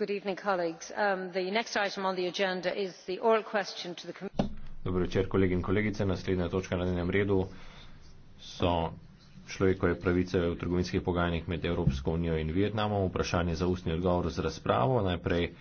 Um, dober večer kolegi in kolegice naslednja točka na dnevnem redu so človekove pravice v trgovinskih pogajanjih med evropsko unijo in vietnamom vprašanje za ustni odgovor z razpravo najprej